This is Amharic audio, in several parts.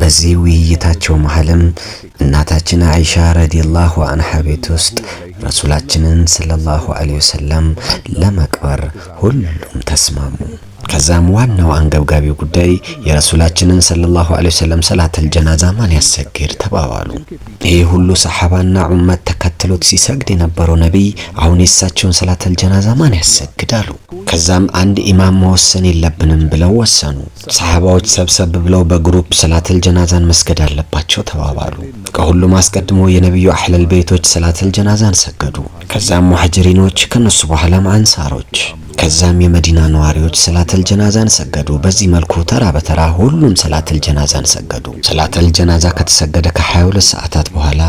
በዚህ ውይይታቸው መሀልም እናታችን አይሻ ረዲላሁ አንሃ ቤት ውስጥ ረሱላችንን ሰለላሁ ዐለይሂ ወሰለም ለመቅበር ሁሉም ተስማሙ። ከዛም ዋናው አንገብጋቢው ጉዳይ የረሱላችንን ሰለላሁ ዐለይሂ ወሰለም ሰላተል ጀናዛ ማን ያሰግድ ተባባሉ። ይህ ሁሉ ሰሐባና ኡመት ተከትሎት ሲሰግድ የነበረው ነቢይ አሁን የእሳቸውን ሰላተል ጀናዛ ማን ያሰግድ አሉ። ከዛም አንድ ኢማም መወሰን የለብንም ብለው ወሰኑ። ሰሐባዎች ሰብሰብ ብለው በግሩፕ ሰላተል ጀናዛን መስገድ አለባቸው ተባባሉ። ከሁሉም አስቀድሞ የነቢዩ አህለል ቤቶች ሰላተል ጀናዛን ሰገዱ። ከዛም ሙሐጅሪኖች ከነሱ በኋላም አንሳሮች ከዛም የመዲና ነዋሪዎች ሰላተል ጀናዛን ሰገዱ። በዚህ መልኩ ተራ በተራ ሁሉም ሰላተል ጀናዛን ሰገዱ። ሰላተል ጀናዛ ከተሰገደ ከ22 ሰዓታት በኋላ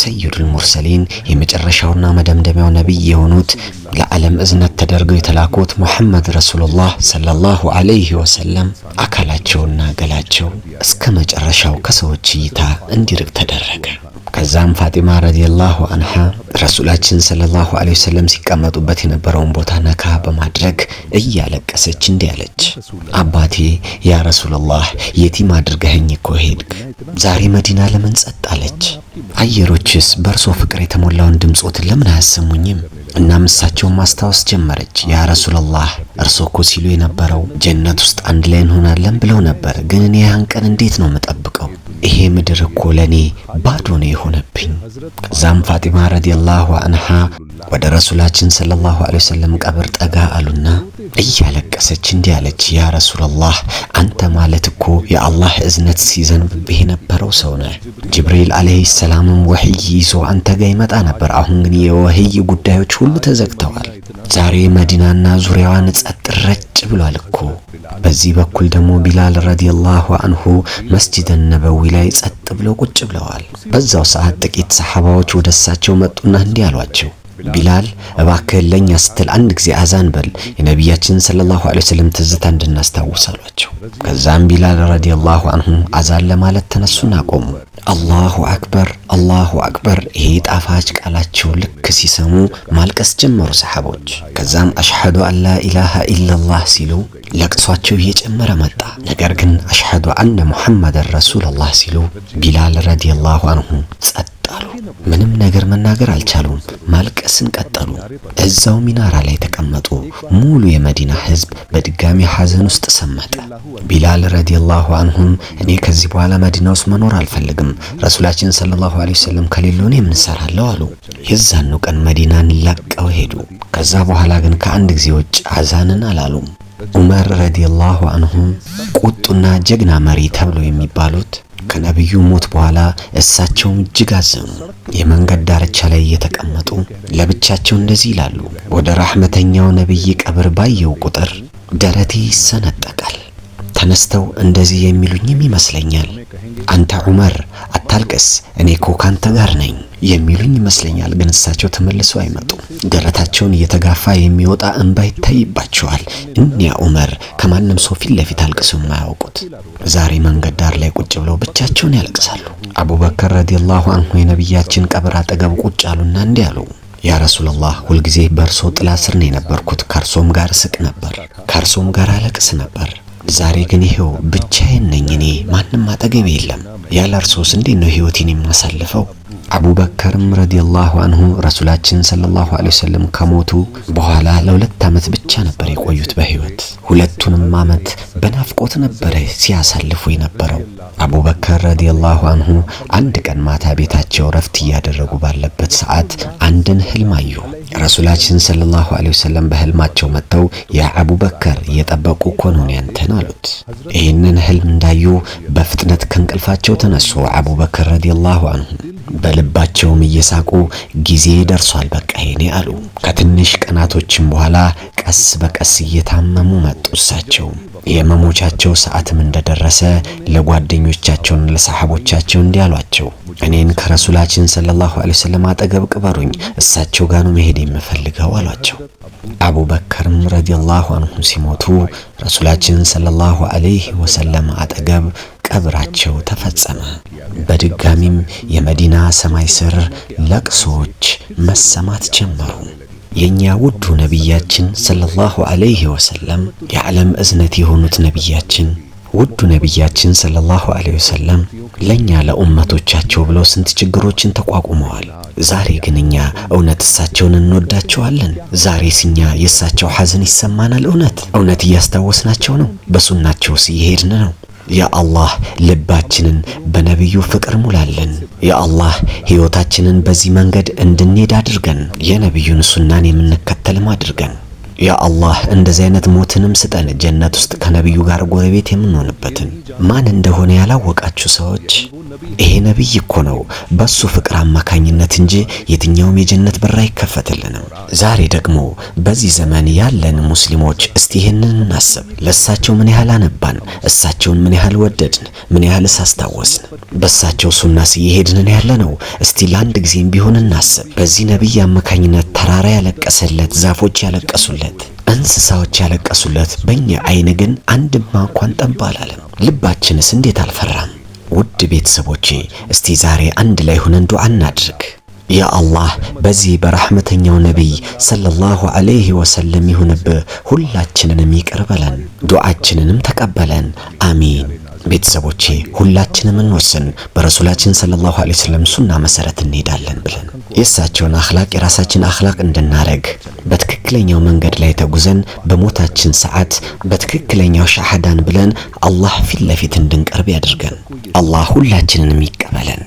ሰይዱል ሙርሰሊን የመጨረሻውና መደምደሚያው ነቢይ የሆኑት ለዓለም እዝነት ተደርገው የተላኩት ሙሐመድ ረሱሉላህ ሰለላሁ አለይህ ወሰለም አካላቸውና ገላቸው እስከ መጨረሻው ከሰዎች እይታ እንዲርቅ ተደረገ። ከዛም ፋጢማ ረዲየላሁ አንሃ ረሱላችን ሰለላሁ አለይሂ ወሰለም ሲቀመጡበት የነበረውን ቦታ ነካ በማድረግ እያለቀሰች እንዲህ አለች፣ አባቴ ያ ረሱላላህ የቲም አድርገኸኝ እኮ ሄድክ ዛሬ መዲና ለምን ጸጥ አለች? አየሮችስ በእርሶ ፍቅር የተሞላውን ድምጾት ለምን አያሰሙኝም? እናም እሳቸውን ማስታወስ ጀመረች። ያ ረሱላላህ እርሶ እኮ ሲሉ የነበረው ጀነት ውስጥ አንድ ላይ እንሆናለን ብለው ነበር፣ ግን እኔ ያን ቀን እንዴት ነው የምጠብቀው? ይሄ ምድር እኮ ለኔ ባዶ ነው የሆነብኝ። ከዛም ፋጢማ ረዲየላሁ አንሃ ወደ ረሱላችን ሰለላሁ ዐለይሂ ወሰለም ቀብር ጠጋ አሉና እያለቀሰች እንዲህ አለች፣ ያ ረሱላላህ አንተ ማለት እኮ የአላህ እዝነት ሲዘንብብህ የነበረው ሰው ነህ። ጅብሪል ዐለይሂ ሰላምም ወህይ ይዞ አንተ ጋር ይመጣ ነበር። አሁን ግን የወህይ ጉዳዮች ሁሉ ተዘግተዋል። ዛሬ መዲናና ዙሪያዋን ጸጥ ረጭ ብሏል እኮ። በዚህ በኩል ደግሞ ቢላል ረዲየላሁ አንሁ መስጂድ ነበዊ ላይ ጸጥ ብለው ቁጭ ብለዋል። በዛው ሰዓት ጥቂት ሰሓባዎች ወደ እሳቸው መጡና እንዲህ አሏቸው ቢላል እባክህን ለኛ ስትል አንድ ጊዜ አዛን በል የነቢያችን ሰለላሁ ዐለይሂ ወሰለም ትዝታ እንድናስታውስ አሏቸው። ከዛም ቢላል ረዲየላሁ አንሁ አዛን ለማለት ተነሱና አቆሙ። አላሁ አክበር አላሁ አክበር ይሄ ጣፋጭ ቃላቸው ልክ ሲሰሙ ማልቀስ ጀመሩ ሰሓቦች። ከዛም አሽሐዱ አን ኢላሃ ኢላላህ ሲሉ ለቅሷቸው እየጨመረ መጣ። ነገር ግን አሽሐዱ አነ ሙሐመደን ረሱልላህ ሲሉ ቢላል ረዲየላሁ አንሁ ጸጥ ምንም ነገር መናገር አልቻሉም። ማልቀስን ቀጠሉ። እዛው ሚናራ ላይ ተቀመጡ። ሙሉ የመዲና ህዝብ በድጋሚ ሐዘን ውስጥ ሰመጠ። ቢላል ረዲየላሁ አንሁም እኔ ከዚህ በኋላ መዲና ውስጥ መኖር አልፈልግም፣ ረሱላችን ሰለላሁ ዐለይሂ ወሰለም ከሌሉ እኔ ምን እሰራለሁ አሉ። የዛኑ ቀን መዲናን ለቀው ሄዱ። ከዛ በኋላ ግን ከአንድ ጊዜ ውጭ አዛንን አላሉም። ዑመር ረዲየላሁ አንሁም ቁጡና ጀግና መሪ ተብሎ የሚባሉት ከነቢዩ ሞት በኋላ እሳቸውም እጅግ አዘኑ። የመንገድ ዳርቻ ላይ እየተቀመጡ ለብቻቸው እንደዚህ ይላሉ። ወደ ራህመተኛው ነቢይ ቀብር ባየው ቁጥር ደረቴ ይሰነጠቃል። ተነስተው እንደዚህ የሚሉኝም ይመስለኛል። አንተ ዑመር አታልቅስ፣ እኔ እኮ ካንተ ጋር ነኝ የሚሉኝ ይመስለኛል። ግን እሳቸው ተመልሰው አይመጡም። ደረታቸውን እየተጋፋ የሚወጣ እንባ ይታይባቸዋል። እኒያ ዑመር ከማንም ሰው ፊት ለፊት አልቅሰው የማያውቁት ዛሬ መንገድ ዳር ላይ ቁጭ ብለው ብቻቸውን ያለቅሳሉ። አቡበከር ረዲየላሁ አንሁ የነቢያችን ቀብር አጠገብ ቁጭ አሉና እንዲህ አሉ። ያ ረሱላላህ ሁልጊዜ በእርሶ ጥላ ስር ነው የነበርኩት። ከእርሶም ጋር ስቅ ነበር፣ ከእርሶም ጋር አለቅስ ነበር ዛሬ ግን ይሄው ብቻዬን ነኝ እኔ፣ ማንም አጠገብ የለም። ያለ እርሶስ እንዴት ነው ህይወቴን የማሳልፈው? አቡበከርም ረዲየላሁ አንሁ ረሱላችን ሰለላሁ ዐለይሂ ወሰለም ከሞቱ በኋላ ለሁለት ዓመት ብቻ ነበር የቆዩት በሕይወት። ሁለቱንም ዓመት በናፍቆት ነበረ ሲያሳልፉ የነበረው። አቡበከር ረዲየላሁ አንሁ አንድ ቀን ማታ ቤታቸው ረፍት እያደረጉ ባለበት ሰዓት አንድን ህልም አዩ። ረሱላችን ሰለላሁ ዐለይሂ ወሰለም በህልማቸው መጥተው የአቡበከር እየጠበቁ እኮ ያንተን አሉት። ይህንን ህልም እንዳዩ በፍጥነት ከእንቅልፋቸው ተነሱ። አቡበከር ረዲየላሁ አንሁ በልባቸውም እየሳቁ ጊዜ ደርሷል በቃ ይኔ አሉ። ከትንሽ ቀናቶችም በኋላ ቀስ በቀስ እየታመሙ መጡ። እሳቸው የመሞቻቸው ሰዓትም እንደደረሰ ለጓደኞቻቸውና ለሰሓቦቻቸው እንዲህ አሏቸው፣ እኔን ከረሱላችን ሰለላሁ ዐለይሂ ወሰለም አጠገብ ቅበሩኝ፣ እሳቸው ጋር ነው መሄድ የምፈልገው አሏቸው። አቡበከርም ረዲየላሁ አንሁ ሲሞቱ ረሱላችን ሰለላሁ ዐለይሂ ወሰለም አጠገብ ቀብራቸው ተፈጸመ። በድጋሚም የመዲና ሰማይ ስር ለቅሶዎች መሰማት ጀመሩ። የእኛ ውዱ ነቢያችን ሰለላሁ ዐለይሂ ወሰለም የዓለም እዝነት የሆኑት ነቢያችን ውዱ ነቢያችን ሰለላሁ ዐለይሂ ወሰለም ለእኛ ለኡመቶቻቸው ብለው ስንት ችግሮችን ተቋቁመዋል። ዛሬ ግን እኛ እውነት እሳቸውን እንወዳቸዋለን? ዛሬስ እኛ የእሳቸው ሐዘን ይሰማናል? እውነት እውነት እያስታወስናቸው ነው? በሱናቸውስ እየሄድን ነው? ያ ልባችንን በነቢዩ ፍቅር ሙላልን። ያ አላህ ሕይወታችንን በዚህ መንገድ እንድንሄድ አድርገን፣ የነቢዩን ሱናን የምንከተልም አድርገን። ያአላህ እንደዚህ አይነት ሞትንም ስጠን፣ ጀነት ውስጥ ከነቢዩ ጋር ጎረቤት የምንሆንበትን። ማን እንደሆነ ያላወቃችሁ ሰዎች ይሄ ነቢይ እኮ ነው በሱ ፍቅር አማካኝነት እንጂ የትኛውም የጀነት በር አይከፈትልንም። ዛሬ ደግሞ በዚህ ዘመን ያለን ሙስሊሞች እስቲ ይህንን እናስብ። ለእሳቸው ምን ያህል አነባን፣ እሳቸውን ምን ያህል ወደድን፣ ምን ያህል አስታወስን። በእሳቸው ሱና እየሄድንን ያለ ነው። እስቲ ለአንድ ጊዜም ቢሆን እናስብ። በዚህ ነቢይ አማካኝነት ተራራ ያለቀሰለት፣ ዛፎች ያለቀሱለት፣ እንስሳዎች ያለቀሱለት፣ በእኛ አይን ግን አንድማ እንኳን ጠብ አላለም። ልባችንስ እንዴት አልፈራም? ውድ ቤተሰቦቼ እስቲ ዛሬ አንድ ላይ ሆነን ዱዓ እናድርግ። ያ አላህ በዚህ በረሕመተኛው ነቢይ ሰለላሁ ዐለይሂ ወሰለም ይሁንብህ፣ ሁላችንንም ይቅር በለን፣ ዱዓችንንም ተቀበለን። አሚን። ቤተሰቦቼ ሁላችንም እንወስን፣ በረሱላችን ሰለላሁ ዐለይሂ ወሰለም ሱና መሰረት እንሄዳለን ብለን የእሳቸውን አኽላቅ የራሳችን አኽላቅ እንድናረግ በትክክለኛው መንገድ ላይ ተጉዘን በሞታችን ሰዓት በትክክለኛው ሻሃዳን ብለን አላህ ፊት ለፊት እንድንቀርብ ያድርገን። አላህ ሁላችንንም ይቀበለን።